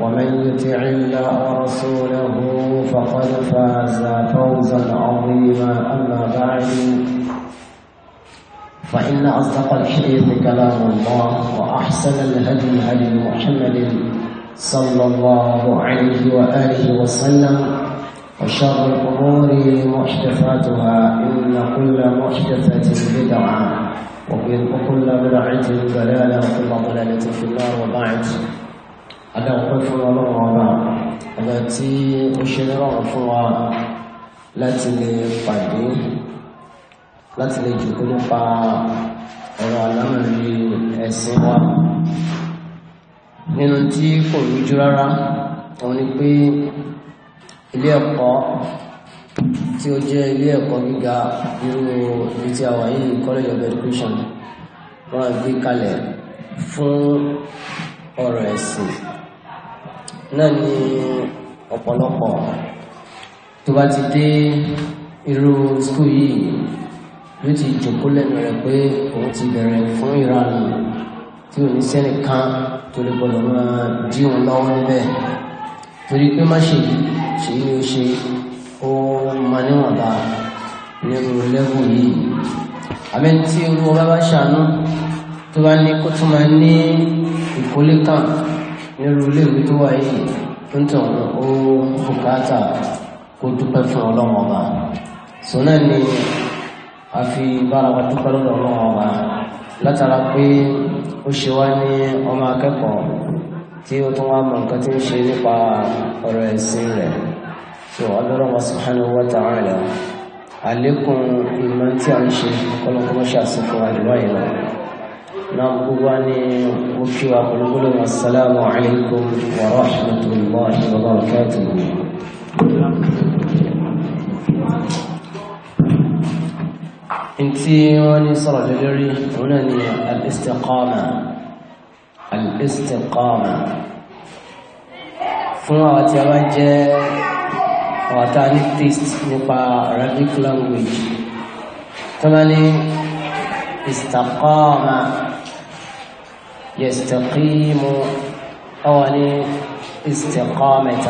ومن يطع الله ورسوله فقد فاز فوزا عظيما اما بعد فان اصدق الحديث كلام الله واحسن الهدي هدي محمد صلى الله عليه واله وسلم وشر الامور محدثاتها ان كل محدثه بدعه وكل بدعه ضلاله وكل ضلاله في النار وبعد adáwọ̀pẹ́ fún ọlọ́run ọba ọba tí ó ṣe lọ́rùn fún wa láti lè pàdé láti lè jùkú nípa ọ̀rọ̀ alámọ̀rí ẹ̀sìn wa nínú tí kò rújú rárá òun ni pé ilé ẹ̀kọ́ tí ó jẹ́ ilé ẹ̀kọ́ gíga nínú ibi tí a wà yìí college of education wọ́n gbé kalẹ̀ fún ọ̀rọ̀ ẹ̀sìn náà ni ọ̀pọ̀lọpọ̀ tó bá ti dé irú skul yìí ló ti jòkó lẹ́nu rẹ̀ pé òun ti bẹ̀rẹ̀ fún ìranù tí ò ní sẹ́nìkan tó lè gbọ́dọ̀ máa dí òun lọ́wọ́ níbẹ̀ torí pé má ṣe yìí ṣe yìí ó ṣe ó máa níwọ̀nba nínú lẹ́wù yìí àmì tí irú ọba bá ṣàánú tó bá ní kó tún máa ní ìkólé kan nírú iléèwé tó wà yìí tó ń tàn ó bùkátà kó dúpẹ́ fún ni a fi bára wa dúpẹ́ lọ́dọ̀ ọlọ́run ọba látara pé ó ṣe wá so abẹ́rẹ́ wa subhanahu wa ta'ala àlékún ìmọ̀ tí a ń نقواني وكي أقول السلام عليكم ورحمة الله وبركاته انتي واني صرع جلري هناني الاستقامة الاستقامة فما وتواجه وتعني تيست نقا Arabic language تماني استقامة يستقيم أواني استقامة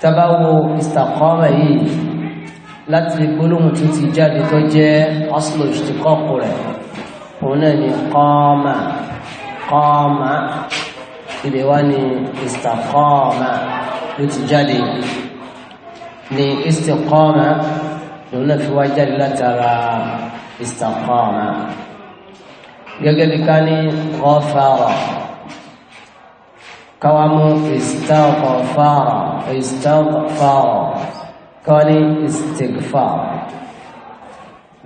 تبعو استقامة هي لا تقولون تتجاد توجه أصل اشتقاق له هنا قام قام إلواني استقامة يتجاد ni istiqama lona وجه wajali latara istiqama gẹ́gẹ́ bí ká ní gọ́fàrà káwá mú ìstáfàrà ìstáfàrà káwá ní ìstífàrà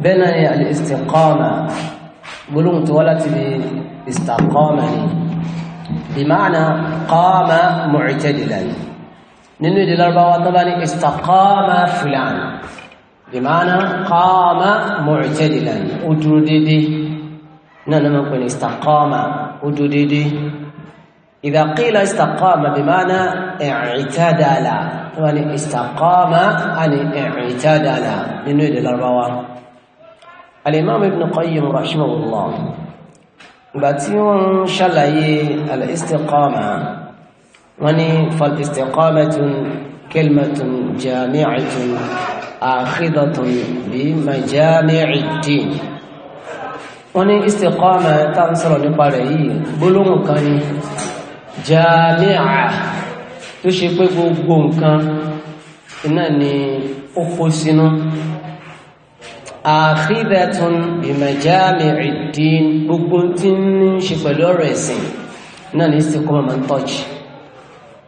bẹ́ẹ̀ náà ni alìstíkọ́mà gbólóhùn tó wá láti bí ìstákọ́mà ni bìmáàna kọ́mà mu'tadilan nínú èdè lárúbáwá tó bá ní ìstákọ́mà fúlàn bìmáàna kọ́mà mu'tadilan ó dúró déédéé náà ló máa ń pè ní istakọ́ọ̀mà ó dúró déédéé ìdá qila istakọ́ọ̀mà bí máa ná i'tadala tó wà ní istakọ́ọ̀mà á ní i'tadala nínú èdè lọ́rọ́wá al-imam ibn qayyim rahimahullah ìgbà tí wọ́n ń ṣàlàyé al wọ́n ní fal-istakọ́ọ̀mẹ́tun jami'atun akhidatun bí majami'id wọ́n ní istiqama tá ń sọ̀rọ̀ nípa rẹ̀ yìí gbólóhùn kan ni jami'a tó ṣe pé gbogbo nǹkan iná ni ó kó sínú akhidatun bi majami'i ddin gbogbo tí ń ṣe pẹ̀lú ọ̀rọ̀ ẹ̀sìn náà ní istiqama máa ń tọ́jú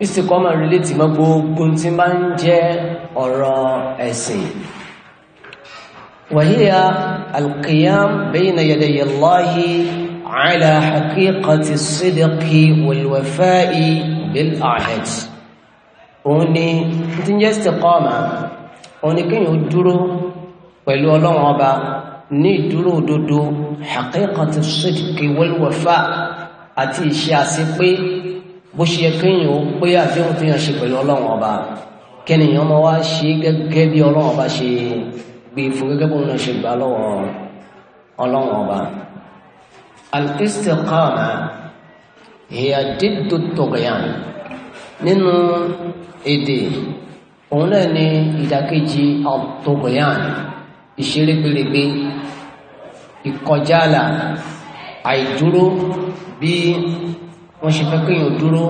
istiqama relate mọ́ gbogbo tí máa ń jẹ́ ọ̀rọ̀ ẹ̀sìn wàhíyà القيام بين يدي الله على حقيقة الصدق والوفاء بالعهد òní tí ń jẹ́ istiqama òní kéèyàn dúró pẹ̀lú ọlọ́run ọba ní ìdúró òdodo haqiqati sidqi wal wafa àti ìṣe àṣepé bó ṣe yẹ kéèyàn ó pé àdéhùn tó yàn ṣe pẹ̀lú ọlọ́run ọba kéèyàn máa wá ṣe gẹ́gẹ́ bí ọlọ́run ọba ṣe gbé fún gẹ́gẹ́ bóun náà ṣe gbà lọ́wọ́ ọlọ́run ọba al-istiqama hiya diddu tọ̀gẹ̀yàn nínú èdè òun náà ni ìdàkejì ọ̀tọ̀gẹ̀yàn ìṣeré pérépé ìkọjáàlà àìdúró bí wọ́n ṣe fẹ́ kéèyàn dúró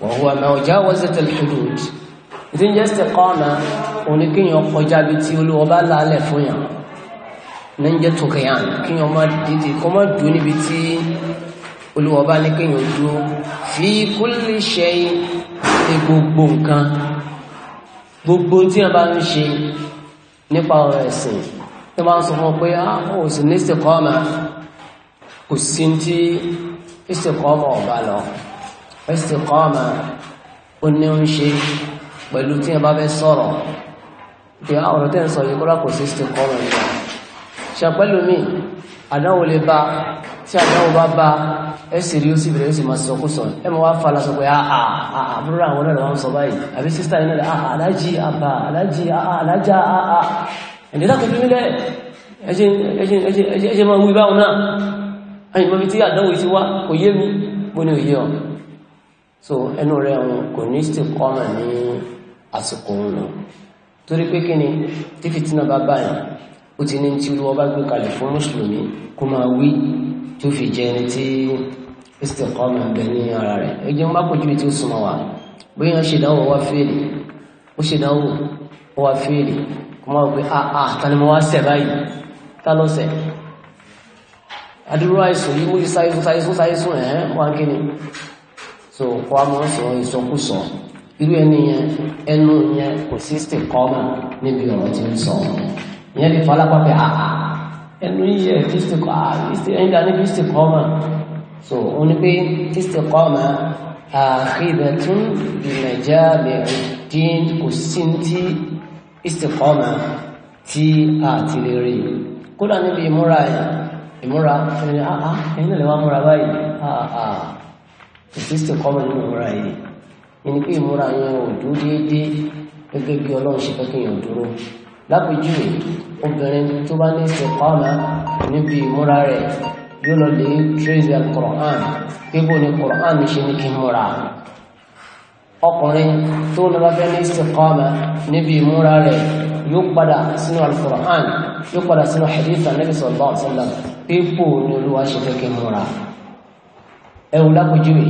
wa huwa ma wajawazatil hudud ìdíjẹ́ istiqama òun ni kíyàn kọjá bí tí olówó bá lálẹ̀ fún yàn ní jẹ́ tòkèyàn kíyàn má dìde kọ́ má dùn níbi tí olówó bá ní kíyàn dúró fi kulli shay ṣe gbogbo nǹkan gbogbo tí wọn bá ń ṣe nípa ọ̀rọ̀ ẹ̀sìn tí wọn sọ fún ọ pé ah, ó sì ní ìsìnkọ́mà kò sí ti ìsìnkọ́mà ọ̀bá lọ ìsìnkọ́mà ó ní ń ṣe pẹ̀lú tí wọn bá fẹ́ sọ̀rọ̀ pé ọ̀rọ̀ tẹ́ ń sọ yìí kọ́lá kò sí ti kọ́ ọ̀rọ̀ ìgbà ṣàpẹ́lú mi àdánwò lè bá tí àdánwò bá bá ẹ sì rí ó sì bẹ̀rẹ̀ ó sì máa sọ kó sọ ẹ mọ̀ wá fara sọ pé àà ah, ah, ah, àbúrò àwọn náà wọ́n sọ báyìí àbí sísá iná rẹ̀ àà alájì àbà alájì àà alájà àà ẹ̀dẹ́ láti fi so ẹnu rẹ̀ kò ní sí torí pé kí ni tí bá báyìí ó ti ní tí olúwa bá gbé kalẹ̀ fún mùsùlùmí kó máa wí tí ó fi jẹ ẹni tí istiqama ń bẹ ní ara rẹ̀ ẹ jẹun bá kojú tí ó súnmọ́ wa bóyá ṣèdánwò wá fèèrè ó ṣèdánwò wá fèèrè kó máa gbé ah, ah, tani mo wá báyìí ká adúrú àìsàn yìí ti sáyé irú ẹni yẹn ẹnu yẹn kò sí stikọ́mà níbi ọ̀rọ̀ tí ń sọ ìyẹn ah, ah, ah, lè fọlá pàpẹ́ àhà ẹnu yẹ tí stikọ́mà so ó ní pé tí stikọ́mà àkìbẹ̀tún ìrìnàjà bẹ̀rẹ̀ dín kò sí ti istikọ́mà tí a ti lè rí kódà níbi ìmúra ẹ̀ ìmúra ẹni àhà ẹni lè wá múra báyìí àhà kò sí stikọ́mà nínú ìmúra yìí ẹni pé ìmúra yẹn ò dúró déédéé gẹ́gẹ́ bí ọlọ́run ṣe fẹ́ kí èèyàn dúró lápèjúwe obìnrin tó bá ní ìsìnkọ́ọ̀nà níbi ìmúra rẹ̀ yóò lọ lè tírèzì alukoran pébò ní koran ṣe ní kí n múra ọkùnrin tó ní bá fẹ́ ní ìsìnkọ́ọ̀nà níbi ìmúra rẹ̀ yóò padà sínú alukoran yóò padà sínú haditha nabi sallallahu alaihi wasallam pébò ní olúwa ṣe fẹ́ kí n múra ẹ̀wù lápèjúwe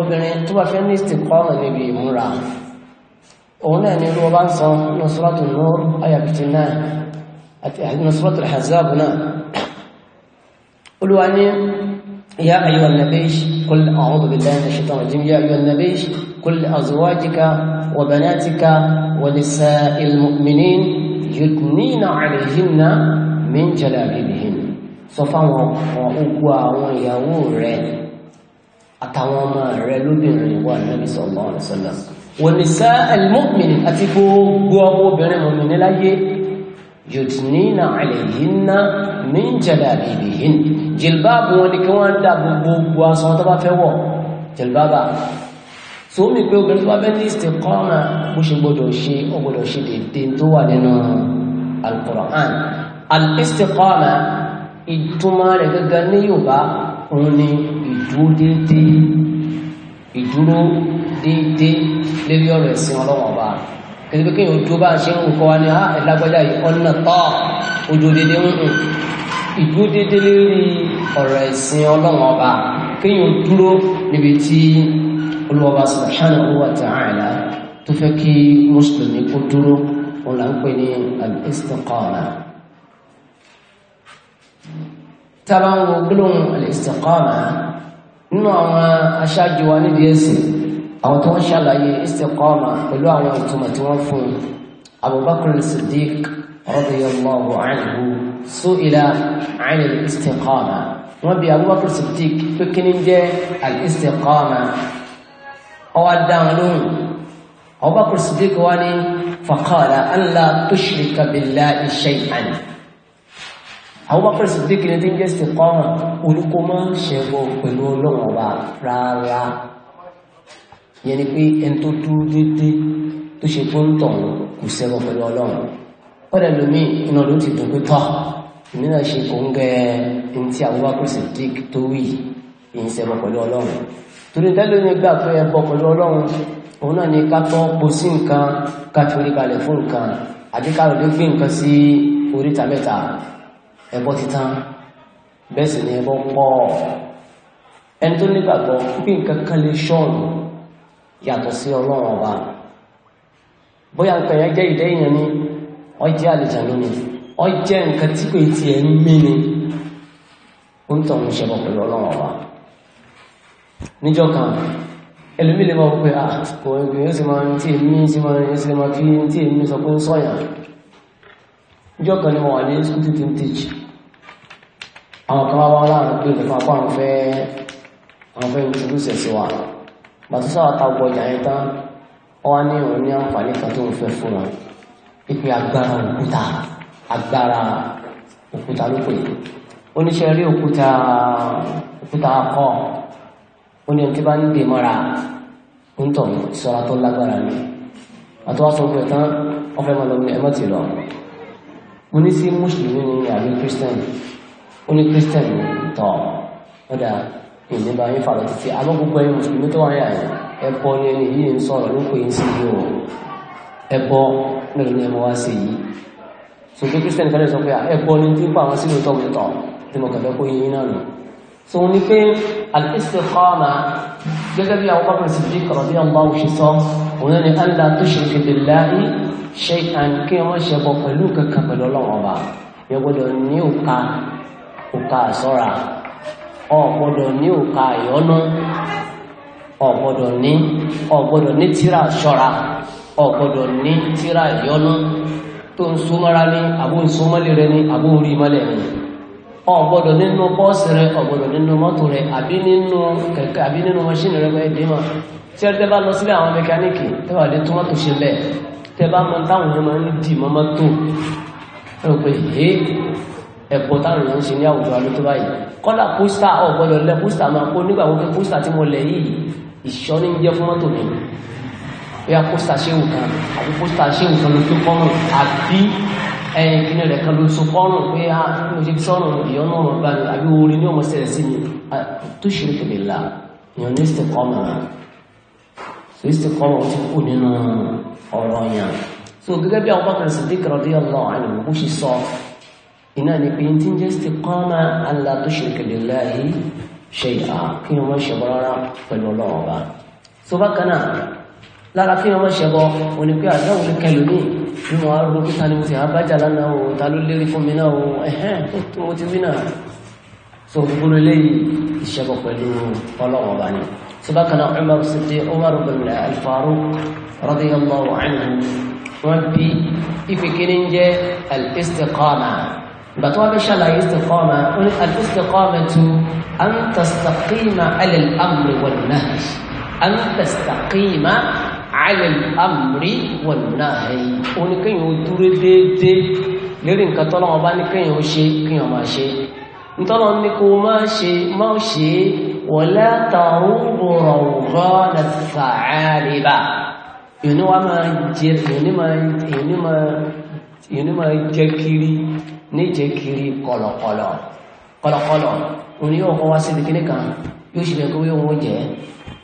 obìnrin tó bá fẹ́ ní ìsìnkọ́mọ̀ níbi ìmúra òun náà ni irú ọba ń san nọ́sọ́lọ́tù ní ayàbìtì náà àti nọ́sọ́lọ́tù hazab náà olúwa ní ya ayyuhan nabiy qul a'udhu billahi minash shaitanir rajim ya ayyuhan nabiy qul azwajika wa banatika wa nisa'il mu'minin yudnina 'alayhinna min jalabibihin sọ fáwọn òkú àwọn ìyàwó rẹ̀ àtàwọn ọmọ rẹ̀ lóbìnrin wà Nabi sallallahu alaihi wasallam wa nisa'al mu'minin àti gbogbo ọmọ obìnrin mọ̀mìnì láyé yudnina alayhinna min jalabibihin jìlbáàbù wọn ni kí wọ́n dá gbogbo aṣọ tó bá fẹ́ wọ̀ jìlbáàbà tó pé obìnrin tó bá fẹ́ ní istiqama bó ṣe gbọdọ̀ ṣe ó gbọdọ̀ ṣe dédé tó wà nínú al-Qur'an ìtumọ̀ rẹ̀ gẹ́gẹ́ ní Yorùbá òun ni ìdúró déédéé ìdúró déédéé lérí ọ̀rọ̀ ẹ̀sìn ọlọ́wọ̀n ọba kìtìbí kí yóò dúró bá ṣe ń kọ́ wa ní ah, ẹ̀lágbájá yìí ọ̀nà tọ́ ojú déédéé ń hùn ìdúró déédéé lérí ọ̀rọ̀ ẹ̀sìn ọlọ́wọ̀n ọba kí yóò níbi tí olùwọ́ba subhanahu wa ta'ala tó fẹ́ kí mùsùlùmí kó dúró òun là ń pè ní al-istiqama tábà ń wo gbólóhùn al-istiqama nínú àwọn aṣáájú wa nídìí ẹ̀sìn àwọn tó ń ṣàlàyé istiqama pẹ̀lú àwọn ìtumọ̀ tí wọ́n fún Abubakar Siddiq radiyallahu anhu su'ila 'an al-istiqama wọ́n bi Abubakar Siddiq pé kí ni jẹ́ al ọwọ́ dáhùn lóhùn Abubakar Siddiq wá ní faqala an la tushrika billahi shay'an àwọn bá fẹ́rẹ̀ sí pé kí ni tí ń jẹ́ istiqama oníkó máa ń ṣẹ̀bọ̀ pẹ̀lú ọlọ́run ọba rárá yẹn ni pé ẹni tó dúró déédéé tó ṣe tó ń tọ̀ kò ṣẹ̀bọ̀ pẹ̀lú ọlọ́run ọ̀dà lómi iná ló ti dùn pé tọ́ èmi náà ṣe kò ń ẹni tí àwọn bá fẹ́rẹ̀ sí pé tó wì ń ṣẹ̀bọ̀ pẹ̀lú ọlọ́run torí tẹ́lẹ̀ ní gbà pé ẹbọ pẹ̀lú ọlọ́run òun náà ni ká tọ́ po sí nǹkan ká fi orí kalẹ̀ fún nǹkan àbí ká gbé nǹkan sí oríta mẹ́ta ẹbọ títán bẹ́ẹ̀ sì ni ẹbọ pọ̀ ẹni tó nígbàgbọ́ bí nǹkan kan lè ṣọ́ọ̀nù yàtọ̀ sí ọlọ́run ọba bóyá nǹkan jẹ́ ìdẹ́ èèyàn ni wọ́n jẹ́ àlejò lónìí wọ́n jẹ́ nǹkan tí kò tiẹ̀ ń mí ni ó ń tọ̀hún pẹ̀lú ọlọ́run ọba níjọ́ kan ẹlòmí lè máa àwọn kan wá wá láàrin pé ìlú fún apá àwọn fẹ́ àwọn fẹ́ ojúlùsẹ̀ sí wa bàtú sáwà ta gbọ́ ìyá yẹn tán wọ́n wá ní òun ní àǹfààní kan tó ń fẹ́ fún wọn pípín agbára òkúta agbára òkúta ló pè oníṣẹ́ rí òkúta òkúta akọ ó ní ọtí bá ń dè mọ́ra ń tọ̀ ìṣọ́ra ó ní christian tọ̀ ọ̀dà ìní bá yín fàlọ́ títí àmọ́ gbogbo ẹ̀yin mùsùlùmí tó wáyà yẹn ẹ̀bọ ni ẹni yìí ń sọ̀rọ̀ ló pè é sí yìí o ẹ̀bọ mẹ́rin ni ẹ̀mọ wá sí yìí ṣùgbọ́n christian kan lè sọ pé ah, ẹ̀bọ ni tí ń pa àwọn sínú tọ́ mi tọ̀ tí mo so ní al-istiqama gẹ́gẹ́ bí àwọn bákan sì fi kọ̀rọ̀ bí àwọn bá òṣì sọ òun náà ni alla tushriku billahi shay'an kí ụka sọra ọ̀gbọ́dọ̀ ní ụka ìyọ́nú ọ̀gbọ́dọ̀ ní ọ̀gbọ́dọ̀ ní tíra sọ́ra ọ̀gbọ́dọ̀ ní tíra ìyọ́nú tó ń súnmọ́ra ní àbó ìsúnmọ́lẹ̀ rẹ ní àbó orí mọ́lẹ̀ rẹ ọ̀gbọ́dọ̀ nínú bọ́ọ̀sì rẹ ọ̀gbọ́dọ̀ nínú mọ́tò rẹ àbí nínú kẹ̀kẹ́ àbí nínú rẹ tí ẹ ẹ̀kọ́ táwọn èèyàn ń ṣe ní àwùjọ alẹ́ tó báyìí kọ́lá pósítà ọ̀gbọ́dọ̀ lẹ pósítà máa kó nígbà wọ́n fi pósítà tí mo lẹ̀ yìí ìṣọ́ ní jẹ́ fún mọ́tò mi bóyá pósítà ṣéwù kan àbí pósítà ṣéwù kan ló tó kọ́rùn àbí ẹ̀yìn kìíní rẹ̀ kan ló so kọ́rùn pé a ah, mo ṣe sọ́rùn ìyọ́nù ọ̀rọ̀ gbà mí àbí orin ní ọmọ sẹ̀rẹ̀ sí mi tó ṣe iná ni pé tí ń jẹ́ istiqama alla tushrika billahi shay'a kí wọ́n máa ṣẹbọ rárá pẹ̀lú ọlọ́run ọba tó bá kan náà lára kí wọ́n máa ṣẹbọ òní pé àdáwò ló kẹlò ní bí wọ́n á rúgbó kíta ni mo ti àbájá lánàá o ta ló lérí fún mi náà o ẹ̀hẹ́n tó mo ti wí náà so gbogbo eléyìí ìṣẹbọ pẹ̀lú ọlọ́run ọba ni tó bá kan náà Umar Siddiq Umar ibn al-Faruq radiyallahu anhu wọ́n bí ìfikiri ń jẹ́ al bàtọ́ wọn fi ṣàlàyé istiqama ó ní al-istiqamatu an tastaqima ala al-amri wan-nahyi an tastaqima ala al-amri wan-nahyi ó ní kéèyàn ó dúró déédéé lérí nǹkan tọ́lọ́wọ́n bá ní kéèyàn ó ṣe kéèyàn máa ṣe ntọ́lọ́ ní kó máa ṣe máa ṣe wala tarudu rawdana sa'aliba ìní wa máa jẹ ìní máa jẹ kiri níjẹ́ kiri kọ̀lọ̀kọ̀lọ̀ kọ̀lọ̀kọ̀lọ̀ òun yóò kọ́ wá síbi kíní kan yóò ṣe lẹ́kọ́ yóò wọ́n jẹ́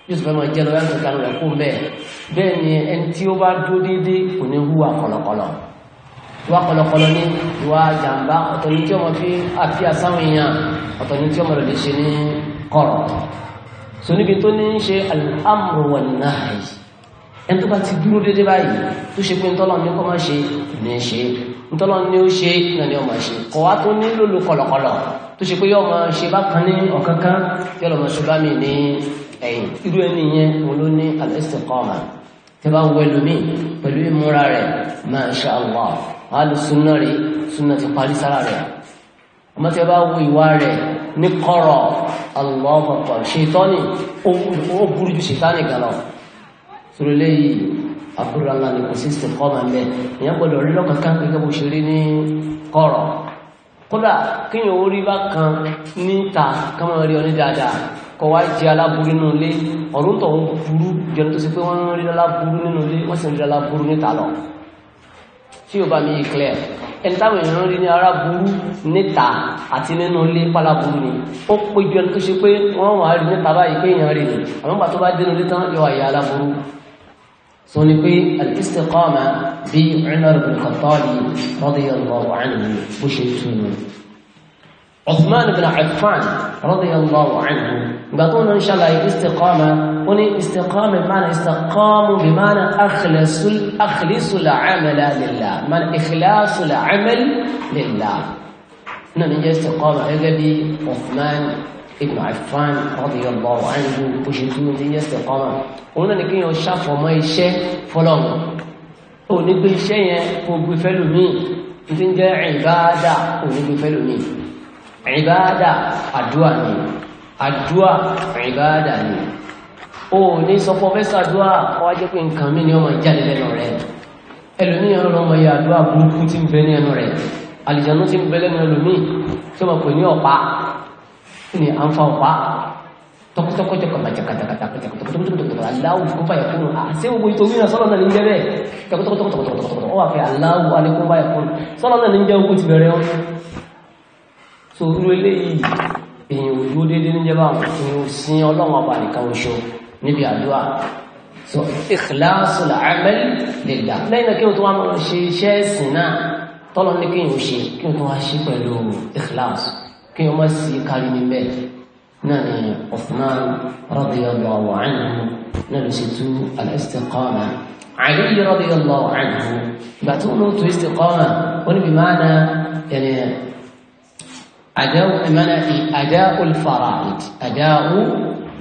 yóò sì fẹ́ máa jẹ́ lọ yàtọ̀ kanu rẹ̀ kó mbẹ́ bẹ́ẹ̀ ni ẹni tí ó bá dúró déédéé kò ní hùwà kọ̀lọ̀kọ̀lọ̀ ìwà kọ̀lọ̀kọ̀lọ̀ ní ìwà jàǹbá ọ̀tọ̀ ní tí ọmọ fi àfi àsáwọn èèyàn ọ̀tọ̀ ní tí ọmọ rẹ̀ lè ṣe ní kọ̀rọ̀ so níbi tó ní ṣe al-amru wan-nahy ẹni tó bá ti dúró déédéé báyìí tó ṣe pé ń ní kọ́ máa ṣe ní ṣe ntọ́lọ́ ni ó ṣe náà ni ó máa ṣe kọ̀ wá tó nílò lu kọ̀lọ̀kọ̀lọ̀ tó ṣe pé yóò máa ṣe bákan ní ọ̀kánkán yóò lọ́ máa ṣe bá mi ní ẹ̀yìn irú ẹni yẹn òun ló ní al-istiqama tí bá ń wọ ẹlòmíì pẹ̀lú ìmúra rẹ̀ masha Allah alu sunna rí sunna ti parí sára rẹ̀ ọmọ tí bá wo ìwà rẹ̀ ní kọ̀rọ̀ Allahu akbar ṣètọ́ni ó burú ju ṣètánì gan lọ sórí léyìí àbúrò ńlá ni kò sí istiqama ń bẹ èèyàn gbọ́dọ̀ rí lọ́kàn kan gẹ́gẹ́ bó ṣe rí ní kọ̀rọ̀ kódà kéèyàn orí bá kan níta kámọ́ rí ọ ní dáadáa kọ wá jẹ aláburú nínú ilé ọ̀rún tó ń burú jẹun tó sì pé wọ́n rí aláburú nínú ilé wọ́n sì rí aláburú níta lọ tí o bá mi yìí clear ẹni táwọn èèyàn rí ní ara níta àti nínú ilé pálábùrú ni ó péjọ ẹni tó ṣe pé wọ́n wà á rí níta báyìí pé èèyàn rí ni àmọ́ gbà tó bá dénú ilé tán yóò wà aláburú sọni pé al-istiqama bí Umar bin Khattab radiyallahu anhu bó ṣe túnú Uthman bin Affan radiyallahu anhu ìgbà tó ń ṣàlàyé istiqama ó ní istiqama mana istiqamu bí mana akhlisu al-amala lillah mana ikhlasu al-amal lillah náà ní Ibn Affan radiyallahu anhu oṣù tí mo ti yẹ sẹ̀ kọ́ náà òun náà ni kí yẹn ṣàfọ̀mọ́ iṣẹ́ fọlọ́n ò ní gbé iṣẹ́ yẹn kó gbé fẹ́ lómi ti ń jẹ́ ìbáadà ò ní gbé fẹ́ lómi ìbáadà àdúà ni àdúà ìbáadà ni ò ní sọ fọ́ fẹ́ sàdúà ọwá jẹ́ pé nǹkan mi ni ọmọ ìjáde lẹ́nu rẹ̀ ẹlòmíyàn lọ́mọ yẹ àdúà burúkú ti ń bẹ ní ẹnu rẹ̀ àlìjànú ti ń bẹ lẹ́nu ẹlòmíì tí ó mọ̀ pè ní ọ̀pá ni anfa kwa tọkọtọkọ jọ kama jakatakatakatakutukutukutukutukutu aláwù kópa yẹ kúrò àti gbogbo ìtòmí náà sọ́lọ́nà ní jẹ́bẹ̀ tọkọtọkọtọkọtọkọtọkọtọ ọwà fẹ́ aláwù alékópa yẹ kúrò sọ́lọ́nà ní jẹ́ ogun ti bẹ̀rẹ̀ ọ́ so irú eléyìí èyàn ò dúró déédéé ní jẹba àwọn èyàn ò sin ọlọ́run ọba nìkan oṣù níbi àdúrà so ikhlasul amal lillah lẹ́yìn náà kí wọ́n tó wá máa ṣe iṣẹ́ ẹ̀sìn náà tọ́lọ́ ní kí wọ́n ṣe kí wọ́n tó wá ṣe ikhlas kí wọ́n má sí kárí mi bẹ́ẹ̀ náà ni Uthman radiyallahu anhu náà ló ṣe tú al-istiqama Ali radiyallahu ìgbà tó ń lò tó istiqama ó ní bí máa ẹni أداء منع أداء الفرائض أداء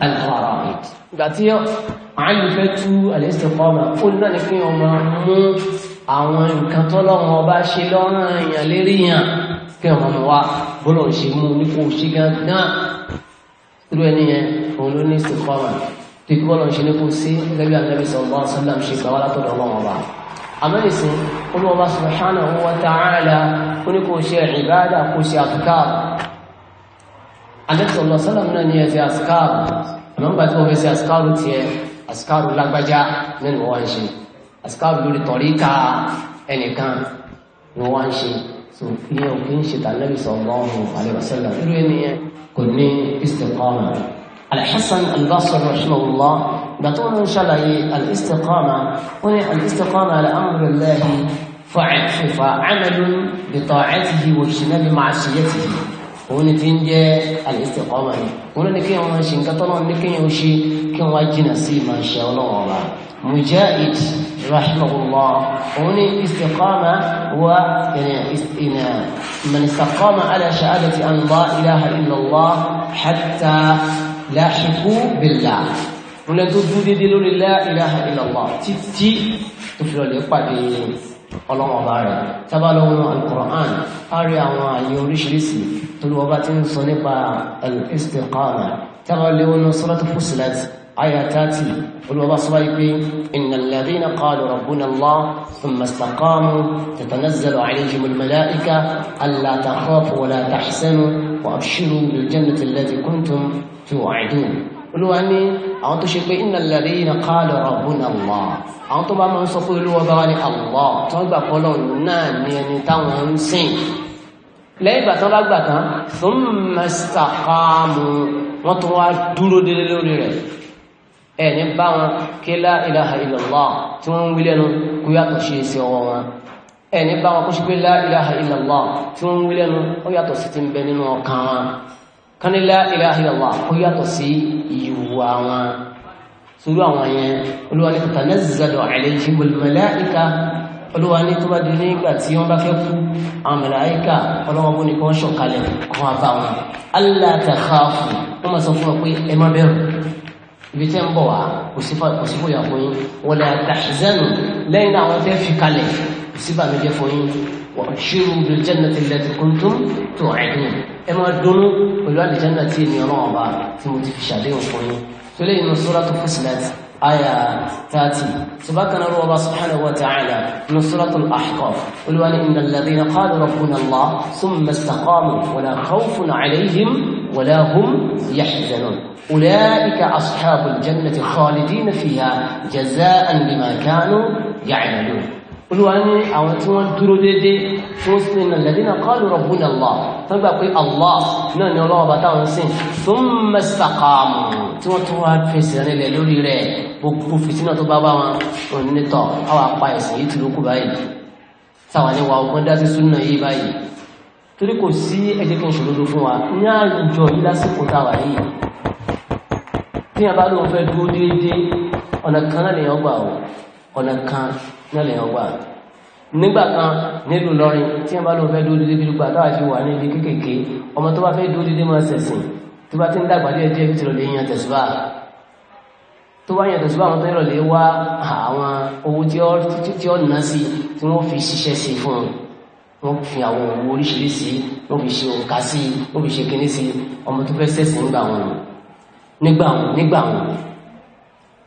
الفرائض باتي عرفت الاستقامة قلنا نكون يوم àwọn nǹkan tọ́lọ́wọ́n ọba ṣe lọ́rùn bọ́lọ̀ ṣe mú ní kó ṣe gángan irú ẹni yẹn òun ló ní sèkọ́mà tó ibi bọ́lọ̀ ṣe ní kó sí gẹ́gẹ́ ànábì sọ̀rọ̀ sọ́dọ̀ ṣe gbà wá látọ̀dọ̀ ọlọ́wọ́ wa àmọ́nìsìn olùwọ́ba subhanahu wa ta'ala ó ní kó ṣe ìbáàdà kó ṣe àtúkàr ànábì sọ̀rọ̀ sọ́dọ̀ náà ní ẹsẹ̀ àsìkàr àmọ́ nígbà tí wọ́n fẹ́ ṣe àsìkàr tiẹ̀ àsìkàr lágbájá nínú wọn ṣe àsìkàr lórí tọ̀ríkà ẹnìkan ni wọ́n ṣe so ìyẹn ò kí ń ṣe tàlẹ́bí sallallahu alaihi wasallam irú ènìyàn kò ní istiqama alḥasan albasri rahimahullah gbàtọ́ ló ń ṣàlàyé alistiqama ó ní alistiqama alamru llahi fa'amalun bi ta'atihi wa ijtinabi ma'siyatihi òun ni ti ń jẹ́ alistiqama yìí òun ni kí wọn ṣe nǹkan tọ́lọ́ ní kí wọn ṣe kí wọn jìnnà sí ìmọ̀ ṣe ọlọ́wọ́ ọba mujahid رحمه الله هنا استقامة هو يعني من استقام على شهادة أن لا إله إلا الله حتى لاحقوا بالله هنا تدود دلول لا إله إلا الله تتي تفلو لقبين ọlọ́wọ́n ọba rẹ̀ tábà lọ́wọ́ alukur'an a rí àwọn àyè oríṣiríṣi tó lọ́wọ́ bá ti ń sọ nípa al-istiqama tábà lọ́wọ́ suratul Fussilat آية تاتي قل والله صبايبي إن الذين قالوا ربنا الله ثم استقاموا تتنزل عليهم الملائكة ألا تخافوا ولا تحزنوا وأبشروا بالجنة التي كنتم توعدون قلوا أني أنتم شكوا إن الذين قالوا ربنا الله أنتم بما يصفوا لوا بغاني الله تنبا قولوا ناني أني تنسين lẹ́yìn ìgbà tán bá gbà tán thumma istaqamu wọ́n tún wá dúró délé lórí rẹ̀ ẹni bá wọn kí lá ilaha illallah tí wọ́n ń wí lẹ́nu kó yàtọ̀ sí èsì ọwọ́ wọn ẹni bá wọn kó ṣe pé lá ilaha illallah tí wọ́n ń wí lẹ́nu ó yàtọ̀ sí ti ń bẹ nínú ọkàn wọn kání lá ilaha illallah ó yàtọ̀ sí ìwà wọn sórí àwọn yẹn olúwa ní tanazzalu alayhimul malaika olúwa ní tó bá di nígbà tí wọ́n bá fẹ́ kú àwọn màláíkà ọlọ́wọ́ ní kí ṣọ̀kalẹ̀ àwọn àbáwọn allah takhafu wọ́n sọ fún ọ pé ẹ má bẹ̀rù ibi tẹ́ ń bọ̀ wá kò sí fòyà fún yín wala tahzanu lẹ́yìn náà àwọn tẹ́ fi kalẹ̀ kò sí bàmíjẹ́ fún yín wa abshiru bil jannati allati ẹ máa dunnú pẹ̀lú àlùjánnà ènìyàn náà wà tí mo ti fi ṣàdéhùn fún yín tó lẹ́yìn náà suratu Fussilat aya 30 subhanahu so, wa subhanahu wa ta'ala min suratul ahqaf qul wa innal ladhina qalu rabbuna allah thumma istaqamu wa la khawfun alayhim wa la hum yahzanun ulaika ashabul jannati khalidin fiha jazaa'an bima kanu ya'malun olúwa ní àwọn tí wọ́n dúró dédé fún sínú lẹ́dínà qalu rabbuna Allah tó gbà pé Allah náà ni ọlọ́wọ́ bàtà wọn sìn thumma istaqamu tí wọ́n tó wá fèsì rìnlẹ̀ lórí rẹ̀ gbogbo fìtínà tó bá bá wọn onítọ̀ àwọn apá ẹ̀sìn yìí ti lókù báyìí táwọn ní wa ọgbọ́n dá sí súnà yìí báyìí torí kò sí ẹjẹ́ kí n fún wa ní àjọ yìí lásìkò táwa yìí tí a bá lóun fẹ́ dúró déédéé ọ̀nà kan náà ọ̀nà kan náà lè ọgbà nígbà kan nílùú lọrin tí wọ́n bá lọ fẹ́ dúró dédé gbígbà táwa fi wà ní ibi kéékèèké ọmọ tó bá fẹ́ dúró dédé máa ṣẹ̀sìn tó bá ti ń dàgbà díẹ̀ díẹ̀ tí lọ́lẹ̀ yan tẹ̀síbà tó bá yan tẹ̀síbà àwọn tó yẹ̀rọ̀ lè wá àwọn owó tí ó ná sí tí wọ́n fi ṣiṣẹ́ sí fún un fi àwọn owó oríṣiríṣi wọ́n fi ṣe òǹkà sí wọ́n fi ṣe kinní sí ọmọ tó fẹ́ ṣẹ̀sìn nígbà wọn nígbà wọn nígbà wọn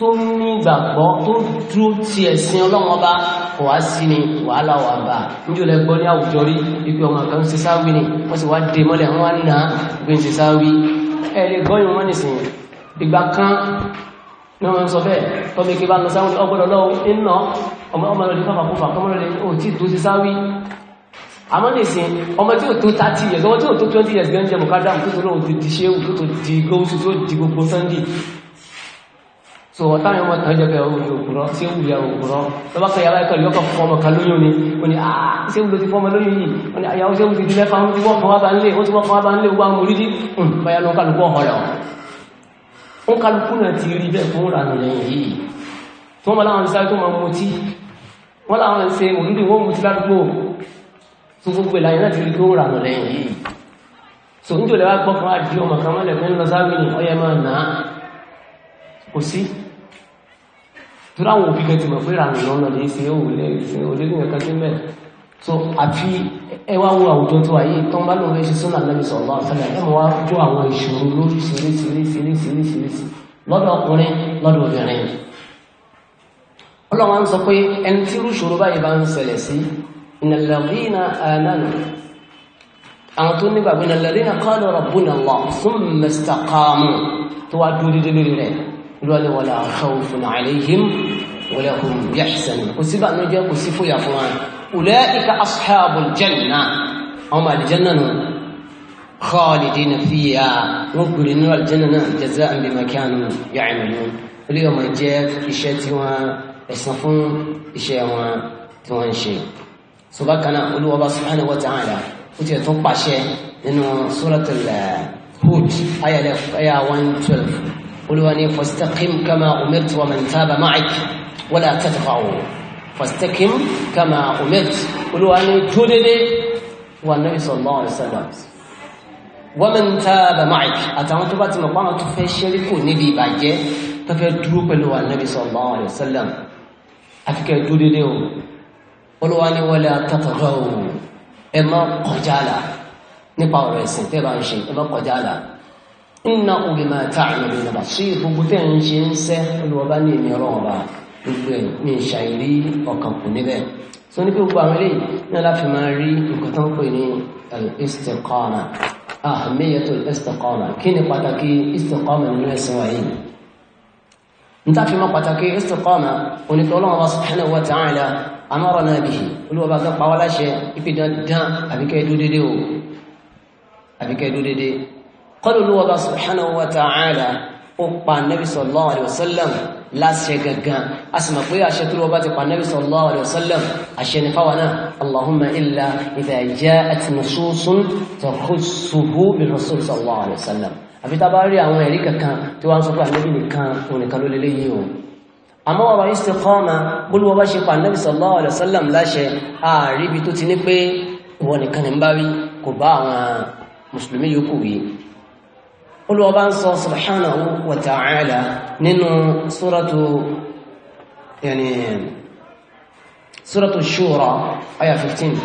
tó ní ìgbàgbọ́ tó dúró ti ẹ̀sìn ọlọ́run ọba kò wá sí ni wàhálà wà bá níjọ́ lẹ gbọ́ ní àwùjọ rí ipe ọmọ kan ṣe sáwí ni wọ́n sì wá dé mọ́lẹ̀ wọ́n wá nà pé ń ṣe sáwí ẹ lè gbọ́ ìwọ́n nìsín ìgbà kan ní wọ́n sọ bẹ́ẹ̀ tọ́bí kí bá lọ sáwí ọgbọ́dọ̀ lọ́wọ́ iná ọmọ ọmọ lọ́dí fàfàkúfà kọ́mọ́ lọ́dí ò tí tó ti sáwí àmọ́ nìsín ọmọ tí ò tó 30 years ọmọ tí ò tó 20 years gan jẹ́ mọ̀kádàmù tó tó lóhun ti di ṣéwù tó tó di góòsù tó di gbogbo sunday so táwọn ọmọ tán jẹ́pẹ̀ orí òkúrọ́ sí òwúyà òkúrọ́ tó bá kẹyàrá ẹ̀kọ́ yọ́kọ̀ fọmọ kan lóyún ni o ní àà sí òwúlò ti fọmọ lóyún yìí o ní àyàwó sí òwúlò ti lẹ́fà ó ti wọ́n kan wá bá ń lé ó ti wọ́n kan wá bá ń lé wá mú rídí báyà ló ń kálukú ọ̀họ̀ rẹ̀ ó ń kálukú náà ti rí bẹ́ẹ̀ fún ìrànà lẹ́yìn yìí tí wọ́n máa láwọn so ń jò lẹ́wà gbọ́kàn àdí ọmọ kan mọ́lẹ̀ mẹ́rin lọ sáré ni torí àwọn òbí kẹtì mọ̀ pé ìrànà lọ́nà lè ṣe òwúlẹ̀ so àfi ẹwà wo àwùjọ tó wáyé tán bá lóun ṣe sọ́nà lẹ́bi sọ̀rọ̀ àfẹ́lẹ̀ ẹ̀ mọ̀ wá jó àwọn ìṣòro lóríṣiríṣiríṣiríṣiríṣi lọ́dọ̀ ọkùnrin lọ́dọ̀ obìnrin ọlọ́wọ́n sọ pé ẹni tí irú ìṣòro báyìí bá ń ṣẹlẹ̀ sí ìnàlẹ́rìnà àánánù àwọn tó nígbàgbé Allah thumma istaqamu tó wá dúró dédé ولو لا خوف عليهم ولا هم يحسن وسبا نجا وصف يا فلان اولئك اصحاب الجنه هم الجنه خالدين فيها وقلنا الجنة جزاء بما كانوا يعملون اليوم الجاف إشاتي وإصنفون إشاتي وثوان شيء سبقنا قلوا الله سبحانه وتعالى قلت يتوقع إنه سورة الهود آية 1 آية 12 olúwa ní fastaqim kama umirtu wa man taba ma'ik wala tadfa'u fastaqim kama umirtu olúwa ní tó dédé wà nabi sallallahu alaihi wasallam wa man taba ma'ik àtàwọn tó bá ti mọ̀ pàmò tó fẹ́ ṣeré kò níbi ìbàjẹ́ tó fẹ́ nabi sallallahu alaihi wasallam àfikẹ́ tó o olúwa ní la nípa ọ̀rọ̀ ẹ̀sìn tẹ́ bá ń ṣe ẹ má kọjá la nna omi máa ta àyẹ̀wò ìnàbà sí gbogbo tẹ̀ ń ṣe ń sẹ́ olùwọ́ba ní èmi ọlọ́wọ́ bá gbogbo ẹ̀ ní ìṣàìrí ọkàn kù níbẹ̀ tó ní gbogbo àwọn eléyìí náà láfi máa rí nǹkan tó ń pè ní al-istiqama ahmiyatul kí ni pàtàkì istiqama nínú ẹ̀sìn wáyé níta fi máa pàtàkì istiqama onítọ̀ ọlọ́wọ́ bá subhanahu wa ta'ala amárọ̀nà bìí olùwọ́ba tó pa wá láṣẹ ìpìdán dán àbíkẹ́ dúdédé o àbíkẹ́ dúdédé kọ́lù olúwọba subhanahu wa ta'ala ó pa nabi sallallahu alaihi wasallam láṣẹ gangan a sì mọ̀ pé àṣẹ tó lọ́wọ́ bá ti pa nabi sallallahu alaihi wasallam àṣẹ ní fáwọn náà allahumma illa idha ja'at nususun takhussuhu bil rasul sallallahu alaihi wasallam àfi tá a bá rí àwọn ẹ̀rí kankan tí wọ́n sọ pé ànábì nìkan òun nìkan ló lélẹ́yìí o àmọ́ wà báyìí istiqama bólúwọ́ bá ṣe pa ànábì sallallahu alaihi wasallam láṣẹ ààrí ibi tó ti ní pé ìwọ nìkan ní bá rí kò bá àwọn mùsùlùmí yòókù yìí olùwọ́ bá ń sọ subhanahu wa ta'ala nínú suratu yani suratu shura aya 15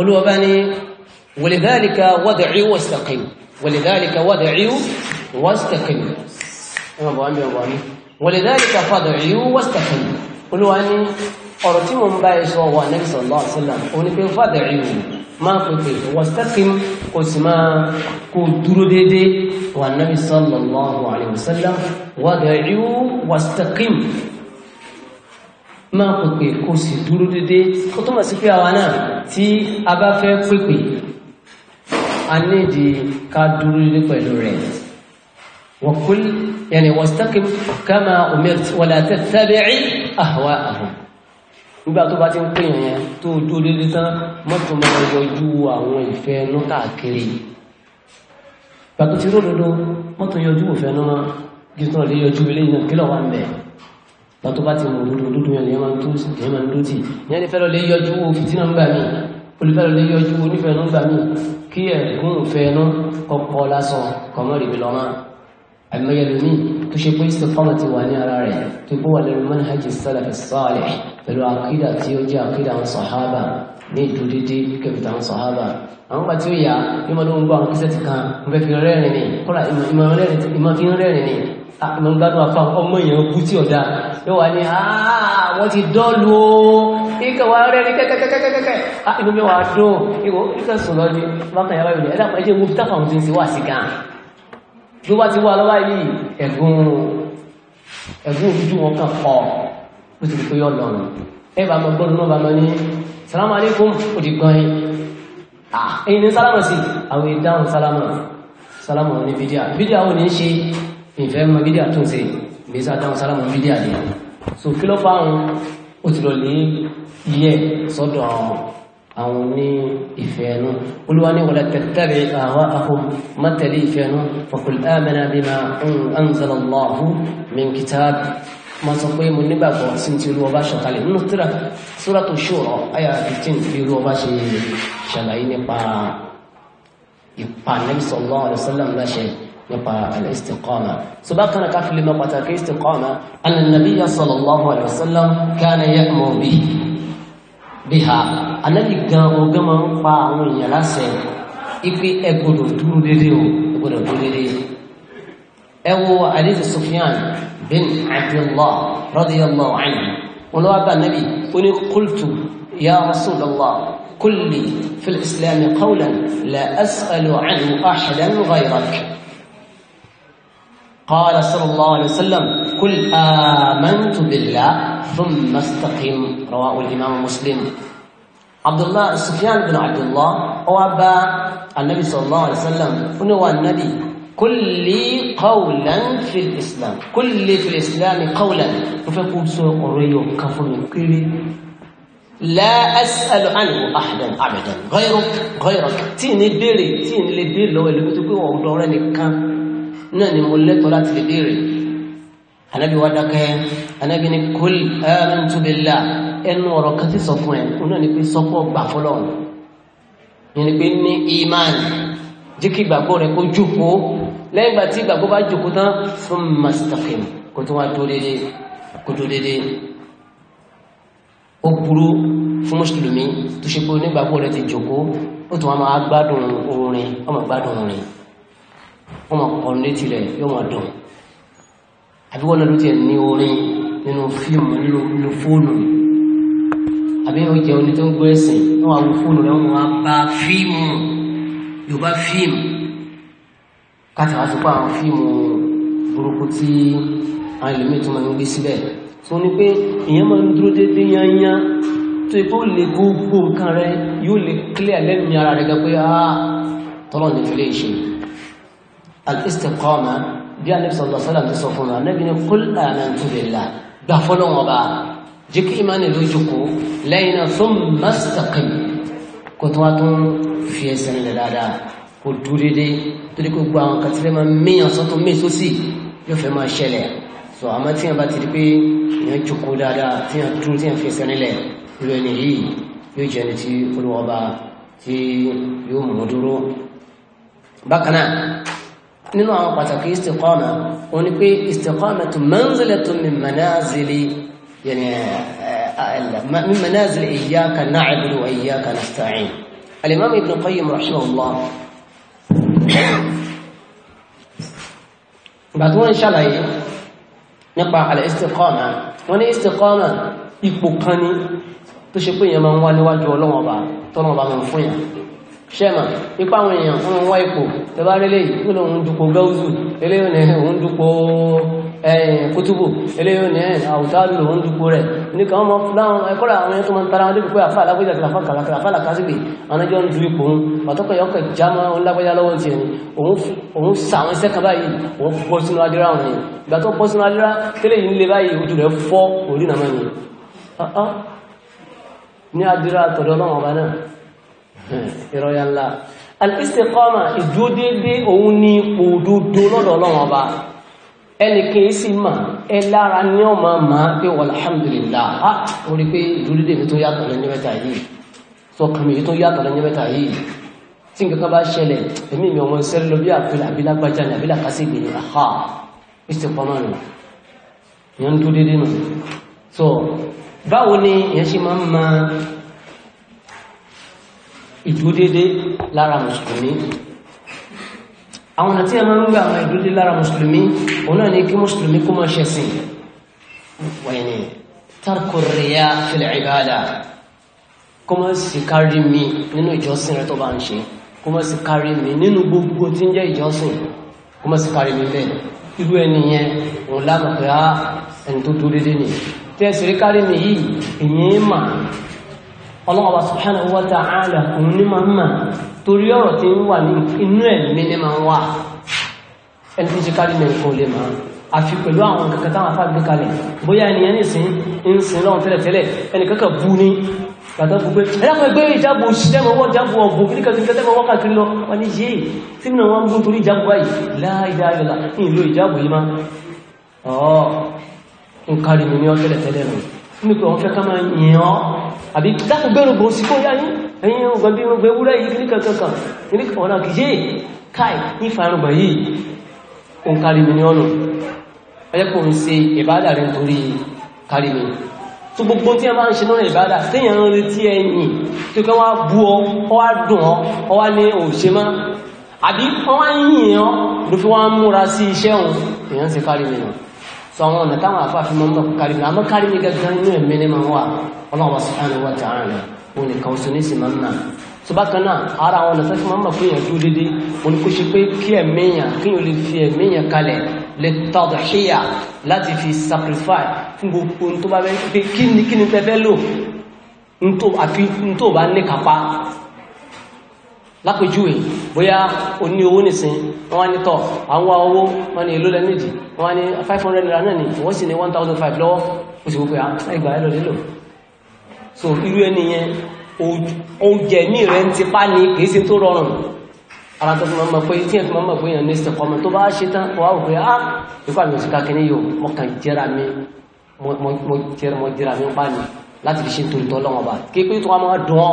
olùwọ́ bá ní walidhalika wad'i wastaqim walidhalika wad'i wastaqim ẹmọ bọ̀ wọ́n bí ọgbọ̀ ní ọ̀rọ̀ tí mo ń bá ẹṣọ wà Nabi sallallahu alaihi wasallam òní pé fàdà ìwò máa pèpè wastaqim kò sì máa kó dúró déédéé wà Nabi sallallahu alaihi wasallam wàdà ìwò wastaqim máa pèpè kò sì dúró déédéé kó tó mọ̀ sí pé àwa وكل يعني واستقم كما أمرت ولا تتبع أهواءهم nígbà tó bá ti ń pè yẹn tó ojú dédé tán mọ́tò máa yọjú àwọn ìfẹ́ ẹnu káàkiri ìgbà tó ti ródodo mọ́tò yọjú òfẹ́ ẹnu náà kí tó lè yọjú ilé yẹn kí lọ́wọ́ ń bẹ̀ ìgbà tó bá ti mọ̀ òdodo òdodo yẹn lèyàn máa ń tó lèyàn máa ń dó tì ìyẹn lè fẹ́ lọ lè yọjú fìtínà ń gbà mí olùfẹ́ lọ lè yọjú onífẹ́ ẹnu gbà mí kí ẹ̀kún òfẹ́ ẹnu kọ́kọ́ lásán kọ́mọ́rì mi lọ́mọ́ àìmọye lómi tó ṣe pé istiqama ti wà ní ara rẹ̀ tó kó wà lórí manhaj salaf salih pẹ̀lú àkídà tí ó jẹ́ àkídà àwọn sàhábà ní ìdúdídé kẹfìtà àwọn sàhábà àwọn bá tí ó yà ní ọmọdé ń gbọ́ àwọn kíṣẹ́ ti kan ń fẹ́ fi rẹ́rìn ni kọ́lá ìmọ̀ fi ń rẹ́rìn ni ìmọ̀ gbádùn afá ọmọ èèyàn kú tí ọ̀dá yóò wà ní àwọn ti dọ́ọ̀lù o ikọ̀ wa rẹ̀ ní kẹ́kẹ́kẹ́kẹ́kẹ́ inú mi wà dùn ìwọ̀n ìkẹ́sùn lọ́dún bákan yàrá ìlú ẹ̀dá pẹ̀lú ẹ̀jẹ̀ mú táfà òun ti ń ṣe wá sí gan-an ló bá ti wá lọ́wọ́ yìí ẹ̀gún ẹ̀gún òfújú wọn kàn kọ́ ó ti pé yọ̀ lọ́rùn ẹ bá mọ gbọ́dọ̀ náà bá mọ ní salamu alaikum ó di gan yín ẹ̀yin ní sálámà sí àwọn ìdáhùn sálámà sálámà ní fídíà fídíà ò ní ṣe ìfẹ́ mọ fídíà tó ń ṣe ìgbésà dáhùn sálámà fídíà ni so kí ló ó ti lọ lè yẹ sọ́dọ̀ àwọn àwọn ní ìfẹ́ ẹnu olúwa ní wala tattabi ahwaahum má tẹ̀lé ìfẹ́ ẹnu faqul amanna bima anzala Allahu min kitab ma sọ pé mo nígbàgbọ́ sí ti olúwa bá sọ̀kalẹ̀ nínú tíra suratu Shura àyà fifteen bí olúwa bá ṣe ṣàlàyé nípa ìpànẹ́bí sallallahu alaihi wasallam láṣẹ nípa al-istiqama ṣùgbọ́n kan ká fi lè mọ pàtàkì istiqama anna nabiyya sallallahu alaihi wasallam kana ya'muru biha ànábì gan ogán máa ń pa àwọn èèyàn láṣẹ ipe ẹ gbọ́dọ̀ dúró dédé o ẹ gbọ́dọ̀ dúró dédé ẹ wo àdéhùn Sufyan bin Abdullah radiyallahu anhu wọn lọ wá bá ànábì ó ní qultu ya Rasulullah qul li fil Islami qawlan la as'alu anhu ahadan ghayrak. قال صلى الله عليه وسلم قل آمنت بالله ثم استقم رواه الإمام مسلم abdullah sufyan bin abdullah ó wá bá anabi sallallahu alaihi wasallam ó ní wa anabi kulli qawlan fil islam kulli fil islam qawlan mo fẹ́ kó sọ ọ̀rọ̀ yóò kan fún mi kéré la as'alu anhu ahadan abadan ghayruk ghayruk tí ní béèrè tí ní lè béèrè lọ́wọ́ ẹlẹ́gbẹ́ tó pé wọn ọ̀dọ́ rẹ nìkan náà ni mo lẹ́tọ̀ọ́ láti lè béèrè anabi wa dákẹ́ anabi ni kul amantu billah ẹnu ọ̀rọ̀ kan ti sọ fún ẹ òun náà ni pé sọ́kọ́ gbà fọlọ́run ìyẹn ni pé ní iman jẹ́ kí ìgbàgbọ́ rẹ kó jókòó lẹ́yìn ìgbà tí ìgbàgbọ́ bá jókòó tán fún mastaqim kó tó wá tó dédé kó tó dédé ó burú fún mùsùlùmí tó ṣe pé onígbàgbọ́ rẹ ti jókòó ó tún wá máa gbádùn orin ọmọ gbádùn orin ọmọ kọrin létí rẹ yóò máa dùn àbí wọn náà ló tiẹ̀ ní orin nínú fíìmù nínú fóònù àbí ó jẹ́ oní tó ń gbé ẹ̀sìn wọ́n wá wo fóònù rẹ̀ wọ́n wá bá fíìmù yorùbá fíìmù káàtì wá sọpọ̀ àwọn fíìmù burúkú tí àwọn ìlú mìíràn tó máa ń gbé síbẹ̀ tó ní pé èèyàn máa ń dúró déédéé yányá tó ipò lè gbogbo nǹkan rẹ yóò lè clear lẹ́mìí ara rẹ̀ gẹ́gẹ́ pé ah tọ́lọ̀ ní fi lè ṣe al-istiqama bí alẹ́ sọ̀rọ̀ sọ́dà tó sọ fún wa anábìnrin kúl àmàntu billah gbà fọ́lọ́wọ́n ọba jẹ́ kí ìmánì ló jókòó lẹ́yìn náà fún mọ́sítàkì kó tó wá tó ń fi ẹsẹ̀ nílẹ̀ dáadáa kó dúró dédé torí kó gbọ́ àwọn kan tí fẹ́ máa míyàn sọ́tún míì sósì yóò fẹ́ máa ṣẹlẹ̀ sọ àmọ́ tíyàn bá ti di pé èèyàn jókòó dáadáa tíyàn dúró tíyàn fi ẹsẹ̀ nílẹ̀ irú ẹni yìí yóò jẹ́ ẹni tí olùwọ́ba tí yóò mú dúró bákan náà nínú àwọn pàtàkì istiqama òun ni pé istiqama tó manzilatun min manazili يعني من منازل إياك نعبد وإياك نستعين الإمام ابن القيم رحمه الله بعد وإن شاء الله نقرأ على استقامة وأن استقامة يبقني تشبه يمان واني واجه الله وبا تنو بابا مفويا ṣẹ́mà ipá àwọn èèyàn fún wọn wá ipò tẹbárẹ́lẹ́ yìí ló ń dupò gáúzù eléyìn kutubu kútùbù eléyìí ní àwùtálù lòun dúpò rẹ̀ ní kan mọ́ fúláwọn ẹkọ́rọ̀ àwọn ẹni tó máa ń tara wọn dé pípẹ́ àfà alágbèjà kìlà fún kàlàkìlà fà làkásìgbè àwọn ẹjọ́ ń du ipò ń pàtọ́kọ̀ yọ ọkọ̀ já mọ́ lágbèjà lọ́wọ́ ti ẹni òun sa àwọn iṣẹ́ kan báyìí òun bọ́ sínú adúrà ni ìgbà tó bọ́ sínú adúrà tẹ́lẹ̀ yìí ń ni ní adúrà tọ̀dọ̀ náà ẹnì kìí sì mà ẹ lára ní ọmọ mà pé wàlhámdùlélà á orí pé ìdúrídè mi tó yàtọ̀ lẹ́yìn mẹ́ta yìí sọkàn mi tó yàtọ̀ lẹ́yìn mẹ́ta yìí tí nǹkan kan bá ṣẹlẹ̀ èmi mi ọmọ ìṣẹ́lẹ̀ lọ bí àfihàn àbílágbájá ni àbílà kásìgbè so báwo ni ìyẹn ṣe máa ń àwọn ọ̀nà tí a máa ń gbà àwọn ìdúdé lára mùsùlùmí òun náà ni kí mùsùlùmí kó máa ṣẹ̀sìn wẹ̀ni tarkorea filẹ̀ ìbáadà kó máa sì kárí mi nínú ìjọsìn rẹ tó bá ń ṣe kó máa sì kárí mi nínú gbogbo tí ń jẹ́ ìjọsìn kó máa sì kárí mi bẹ́ẹ̀ irú ẹni yẹn òun lámọ̀ pé á ah, ẹni tó dúró dédé ni tẹ́sìrí kárí mi yìí èyí mà Allah subhanahu wa ta'ala òun ní máa ń mà torí ọ̀rọ̀ tí ń wà ní inú ẹ̀mí ní máa ń wà ẹni tó ṣe kárí mẹ́rin kan lè máa àfi pẹ̀lú àwọn kankan táwọn afá gbé kalẹ̀ bóyá ènìyàn ní ìsìn ń sin lọ́run tẹ́lẹ̀tẹ́lẹ̀ ẹni kankan bú ní gbàtọ́ bú pé ẹlẹ́kọ̀ọ́ ẹgbẹ́ ìjábò òṣìṣẹ́ mọ́wọ́ jábò ọ̀bọ̀ kí nìkan kẹtẹ́ mọ́wọ́ káàkiri lọ wọ́n rẹ̀ nígbà wọn fẹ́ ká máa yìn ọ́ àbí dákùgbẹ́rùgbò sí kó yá yín ẹ̀yìn ọgbọ̀n bí ọgbẹ̀ wúrẹ́ yìí ní kankankan ní ọ̀nà kìí káì ní farùgbà yìí o ń kárí mi ní ọ̀nà ẹ̀yẹ́kùn ń ṣe ìbádà rẹ̀ nítorí kárí mi tó gbogbo tí a máa ń ṣe lọ́rọ̀ ìbádà téèyàn ń retí ẹ̀yìn tó kẹ́ wá bú ọ ọ dùn ọ wá ní òṣè má àbí ọ wá ló fi wá múra sí iṣẹ́ òun èèyàn ti kárí mi sọ àwọn ọ̀nà táwọn àfáàfin máa ń bọ̀ kárí mi àmọ́ kárí mi gẹ́gẹ́ ni máa ń wà ọlọ́wọ́ wa ta'ala òun nìkan oṣù ní sì máa ń nà tó bá kan náà ara àwọn ọ̀nà tẹ́fí máa ń mọ̀ pé èèyàn dúró dédé òun kò ṣe pé kí ẹ̀mí yàn kí lápèjúwe bóyá o ní owó nìsín wọ́n ní tọ́ àwọn owó wọ́n ní èlò lẹ́nìdì wọ́n ní 500 naira náà ni wọ́n sì ní 1005 lọ́wọ́ o sì wó pé a ìgbà ẹlọ lílò so irú ẹni yẹn oúnjẹ ní rẹ̀ ń ti pá ní kìí sí tó rọrùn ara tó fún ọmọ pé tí ẹ̀ fún ọmọ pé èèyàn ní ìsìnkọmọ tó bá ṣe tán wà ó pé á ìfà mi ò sì ká kí ní yóò mọ́ kàn jẹ́ra mi mọ́ jẹ́ra mi pá ní láti fi ṣe nítorí tọ́lọ́wọ́n bá kí pé tó wá máa dùn ọ́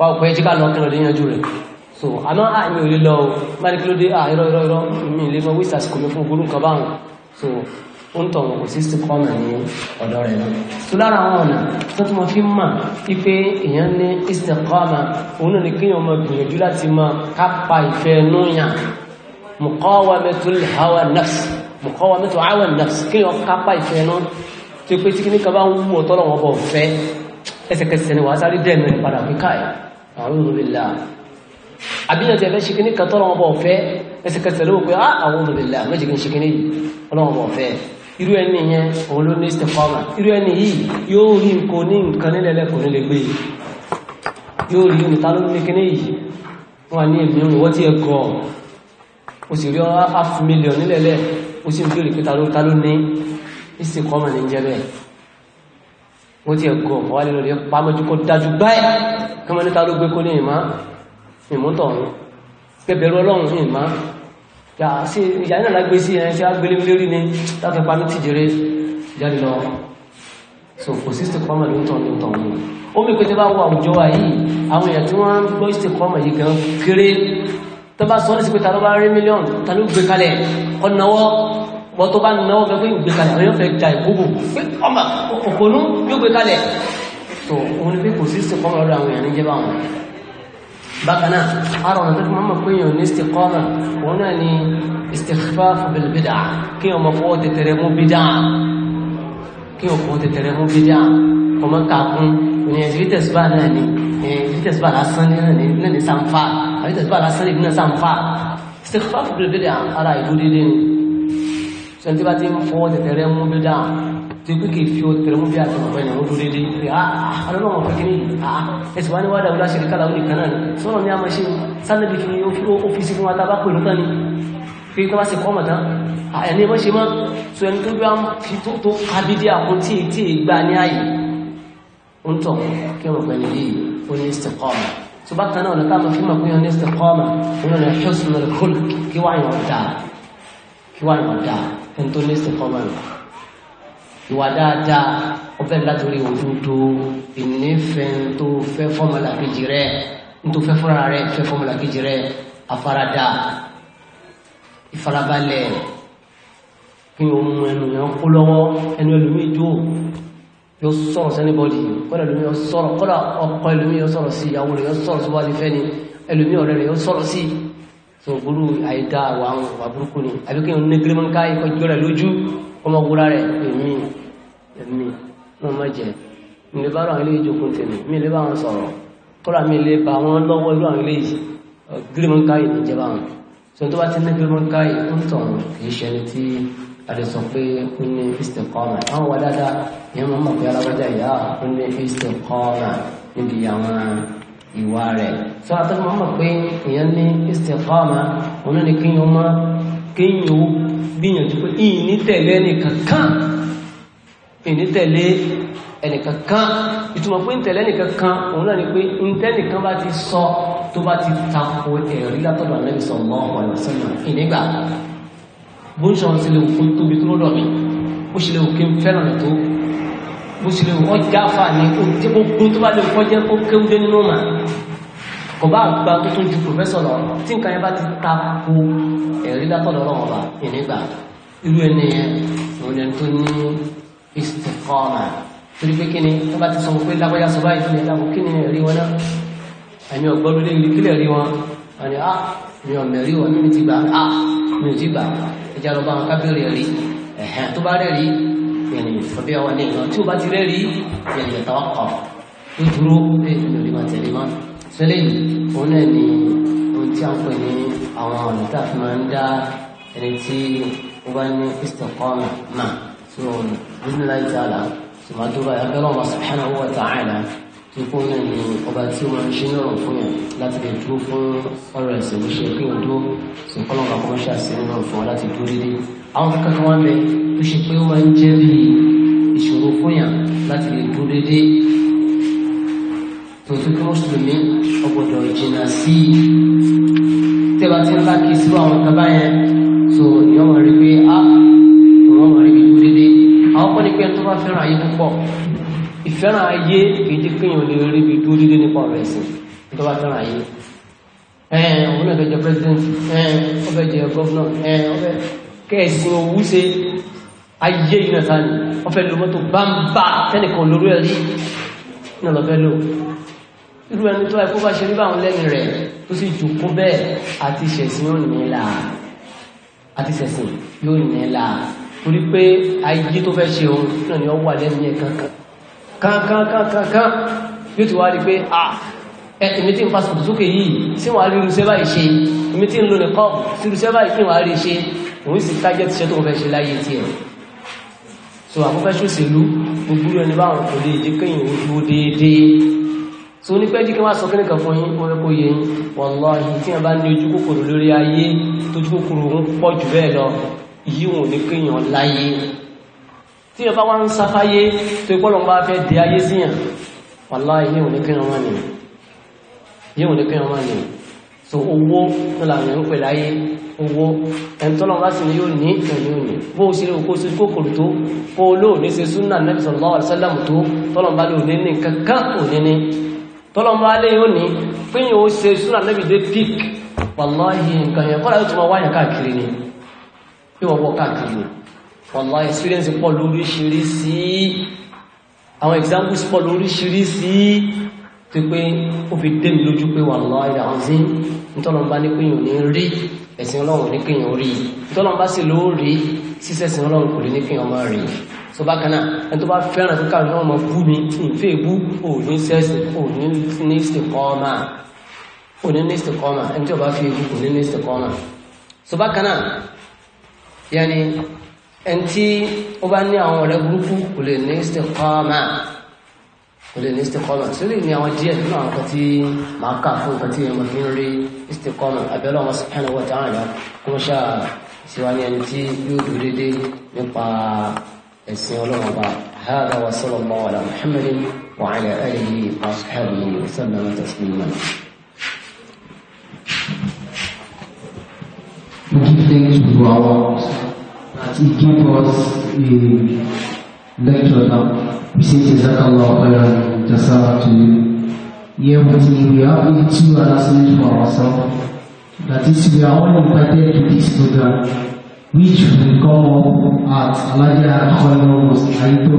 wà ó pé jí ká lọ kí lọ́dé yanjú rẹ̀ so àmọ́ àmì ah, ò lè lọ o máa ní kí ló dé à ah, irọ́ irọ́ irọ́ mi lè mọ wíṣà àsìkò mi fún ogún nǹkan báwọn so ó ń tọ̀ wọn kò sí sí kọ́nà ní ọ̀dọ́ rẹ̀ náà so lára àwọn ọ̀nà tó tún mọ fi mà wípé èèyàn ní istiqama òun náà ni kéèyàn máa gbìyànjú láti máa kápá ìfẹ́ núyàn muqawamatul hawa nafs muqawamatul hawa nafs kéèyàn kápá ìfẹ́ náà tó pé tí kí ní kaba ń wú ọ̀tọ́ lọ́wọ́ bọ̀ fẹ́ ẹsẹ̀kẹsẹ̀ ni wàá sáré dẹ́nu padà pé káyà a'udhu billah àbíyàn ti ẹ̀fẹ́ ṣikini kan tọ́lọ́wọ́ bọ̀ fẹ́ ẹsẹ̀kẹsẹ̀ ló pé ah, a'udhu billah méjì kí n ṣikini ọlọ́wọ́ bọ̀ fẹ́ irú ẹni yẹn òun ló ní stefana irú ẹni yìí yóò rí nǹkan ní nǹkan nílẹ̀lẹ̀ kò nílẹ̀ gbé yóò rí nìta ló ní kíní yìí wọ́n ó ti ẹ̀gọ́ wà lè lórí pàmójúkọ dájú gbáyé kí wọ́n ní ta ló gbé kó ní ìmá ìmúntọ̀ ọ̀run pẹ̀bẹ̀rù ọlọ́run ní ìmá ìyá náà lágbé sí ẹ̀ ṣe agbélé ni láti pa mí ti jèrè jáde so kò sí istikọ́mọ̀ ló ń tọ̀ ní tọ̀hún ó bí pé tí bá wà àwùjọ wa yìí àwọn èèyàn tí wọ́n ń gbọ́ istikọ́mọ̀ yìí gan kéré tó bọ́ tó bá náwó fẹ́ fún ìgbékalẹ̀ àwọn yóò fẹ́ ja ìkóbò ọmọ òpónú yóò gbékalẹ̀ tó òun ni pé kò sí ìsìnkọ́mọ lọ́dọ̀ àwọn èèyàn níjẹ́ báwọn bákan náà ara ọ̀nà tó fi máa mọ̀ pé èèyàn ní ìsìnkọ́mọ òun náà ni istikhfaf bil bid'ah kí èèyàn mọ̀ fọwọ́ tẹ̀tẹ̀rẹ̀ mú bid'ah kí èèyàn fọwọ́ tẹ̀tẹ̀rẹ̀ mú bid'ah ọmọ kàkún ìyẹn ìdílítẹ̀síbà náà ni ìdílítẹ̀síbà lásán ni sẹ́ntí bá ti ń fọ́ tẹ̀tẹ̀rẹ́ mú bí dáa tí pé kìí fi tẹ̀rẹ́ mú bí àti ọmọ ẹ̀yàn ó dúró dé pé àwọn ah, ah, ah, ọmọ fẹ́ kiri ẹ̀sìn wá ní wádà wúlá ṣẹlẹ̀ kálà òní kanáà sọ́nà ní a máa ṣe sánàbí kí ó fi sí fún wa tábà pẹ̀lú tán ni pé tó bá sì kọ́ mọ̀tán ẹni mọ́ ṣe mọ́ ìwà ìwàdà ẹni tó ní sèkọ́mọ̀ nù ìwà dáadáa ọbẹ̀ látòrí òdodo ìnífẹ̀ẹ́ tó fẹ́ fọ́mọ̀lá kejì rẹ̀ nítorí fẹ́ fúnra rẹ̀ fẹ́ fọ́mọ̀lá kejì rẹ̀ àfaradà ìfarabalẹ̀ kí o mú ẹnu yẹn kó lọ́wọ́ ẹnu ẹlòmíì jó yóò sọ̀rọ̀ sẹ́nibọ́dì kọ́lá ẹlòmíì yóò sọ̀rọ̀ kọ́lá ọkọ ẹlòmíì yóò sọ̀rọ̀ sí ìyàwó rẹ̀ yóò sọ̀rọ̀ sí wájú fẹ́ni ẹlòmíì ọ̀rẹ́ rẹ̀ yóò sọ̀rọ̀ sí so burú àìdá àwọn ìwà burúkú ni àbí kí n ní gírímọ̀ ká ikọ̀ jọ rẹ̀ lójú ọmọ wúra rẹ̀ èmi èmi wọn má jẹ mi lè bá àwọn ilé ìjókòó tèmi mi lè bá wọn sọ̀rọ̀ kọ́ra mi lè bá wọn lọ́wọ́ irú àwọn ilé gírímọ̀ ká yìí níjẹba wọn so tó bá ti ní gírímọ̀ ká yìí tó ń tàn kì í ṣe ẹni tí a lè sọ pé ó ní istiqama àwọn wà dáadáa ìyẹn mọ̀ mọ̀ pé alábọ́jà ìyá ó ní istiqama níbi àwọn ìwà rẹ̀ so àtàkùn máa mọ̀ pé èèyàn ní istiqama wọn ní kíyàn má kíyàn ó gbìyànjú pé ìní tẹ̀lé ẹnìkankan ìní tẹ̀lé ẹnìkankan ìtumọ̀ pé ń tẹ̀lé ẹnìkankan òun náà ni pé ń tẹ́nìkan bá ti sọ tó bá ti tako ẹ̀rí látọ̀dọ̀ Ànábì sallallahu alaihi wasallam ìnígbà bó ń sọ ọ́n sílẹ̀ òfin tóbi tó lọ́dọ̀ mi ó sílẹ̀ òfin fẹ́ràn rẹ̀ tó bó ṣe lè wọ́n jáfa ní ojú gbogbo tó bá lè kọjá kó kéwúdé nínú mà kò bá gba tó tó ju pòfẹ́sọ̀ lọ tí nǹkan yẹn bá ti ta ko ẹ̀rí látọ̀dọ̀ ọlọ́wọ́ bá ìnígbà irú ẹni yẹn òun ẹni tó ní istiqama torí pé kíni tó bá ti sọ pé lágbájá sọ báyìí fún mi lágbo kíni ẹ̀rí wọn náà ẹ̀mí ọ̀gbọ́n lé ní kílẹ̀ rí wọn àni á ah, mi ò mẹ̀rí wọn mi ti gbà á mi ò ti gbà ah, ẹ̀já lọ bá wọn kábẹ́rẹ́ rí ẹ̀hẹ́n tó bá rẹ̀ rí يعني فبيع وعليه شو بعد يريلي يعني يتوقف يدرو إيه إنه لما تلما سليم هنا ني وانتي عقني أو أنا تعرف ما عندا يعني تي وبني استقامة ما سون بإذن الله تعالى ثم دورا يا الله سبحانه وتعالى kíkún náà ni ọba tí wọn ń ṣe náà fún yàn láti lè dúró fún ọ̀rọ̀ ẹsẹ ìṣe pé ó dúró sọkọlọ ọba kọmọṣà sí náà fún ọ láti dúró déédéé àwọn kankan kan wá ń bẹ tó ṣe pé ó máa ń jẹ́ bí ìṣòro fún yàn láti lè dúró déédéé tòótọ́ kí mùsùlùmí ọgbọ̀dọ̀ ìjìnà sí i tẹ́ bá ti ń bá kí síbú àwọn kan báyẹn tó ìyọ́n wọn rí pé á ìwọ́n wọn rí dúró déédéé àwọn kan ní pé tó bá fẹ́ràn ayé púpọ̀ ìfẹ́ràn ayé kìí jẹ́ kéèyàn lè rí ibi dúró déédéé nípa ọ̀rọ̀ ẹ̀sìn tó bá fẹ́ràn ayé ẹ̀ ọ́n fẹ́ jẹ pẹ́sidẹ́ntì ẹ̀ ọ́n fẹ́ jẹ kẹ́ẹ̀sìn owó ṣe ayé iná tán wọ́n fẹ́ lo mọ́tò bámbá tẹ́nìkan lórí ẹ̀ rí náà lọ fẹ́ lò irú ẹni tó ẹkú bá ṣe rí báwọn lẹ́nu rẹ̀ tó sì jòkó bẹ́ẹ̀ àti ṣẹ̀sìn yóò nílà àti ṣẹ̀sìn yóò nílà torí pé ayé tó fẹ́ ṣe òun náà ni ó wà lẹ́nu yẹn kankan kankankankan yóò ti wá rí pé èmi tí ń fa sòkòsókè yìí sí wàá rí irúṣẹ́ báyìí ṣe èmi tí ń lo nìkan sí irúṣẹ́ báyìí sí wàá rí ṣe òun sì tájẹ́ ti ṣe tó fẹ́ ṣe láyé tí ẹ̀ so àkọ́fẹ́ṣù òṣèlú gbogbo ẹni báwọn kò lè jẹ́ kéyìn ojú déédéé so ní pẹ́ díkẹ́ wá sọ kíníkà fún yín orí kò yẹ yín wọ̀lọ́hìn tí wọ́n bá ní ojú kòkòrò lórí ayé tó ojú kòkòrò ń pọ̀ jù bẹ́ẹ̀ lọ yíwọ̀n ní kéyìn láyé ń pè láyé owó ẹ̀ntọ́lọ́wọ́ sí ni yóò ní ìtẹ̀yìn òní bó ṣe òkó sí kòkòrò tó kó olóò ní ṣe súnà Nabi sallallahu alaihi wasallam tó tọ́lọ̀mbá lè òní ní kankan òní ní tọ́lọ̀mbá lè yóò ní pínyìn ó ṣe súnà Nabi dé pík wàláhì nǹkan yẹn kọ́lá yóò tún ni yóò wọ́ káàkiri ni wàláhì experience pọ̀ lóríṣiríṣi àwọn examples pọ̀ tó pé ó fi dé mi lójú pé wallahi alazim nítorí bá ní kéèyàn ní rí ẹ̀sìn ọlọ́run ní kéèyàn rí nítorí bá sì ló rí sísẹ̀sìn ọlọ́run kò lè ní kéèyàn má rí tó bá kaná ẹni tó bá fẹ́ràn tó káàkiri ọmọ bú mi fẹ́ bú òní sẹ́sìn òní ní ìsìnkọ́mà òní ní ìsìnkọ́mà ẹni tó bá fi bú òní ní ìsìnkọ́mà tó bá kaná yẹni ẹni tí ó bá ní àwọn ọ̀rẹ́ burúkú kò lè ní ìsìnkọ́mà ولين استقامة سليم يا وجيه من عقتي مع كافو قتي من فينري استقامة أبي الله سبحانه وتعالى كما شاء سواني أنتي يودريدي من با السيولوم با هذا وصلى الله على محمد وعلى آله وأصحابه وسلم تسليما lecture now. We say Jazakallah khairan jasa to you. Here with me, we have made two announcements for ourselves. That is, we are all invited to this program, which will come up at Alaja Khoyo Mosaitu.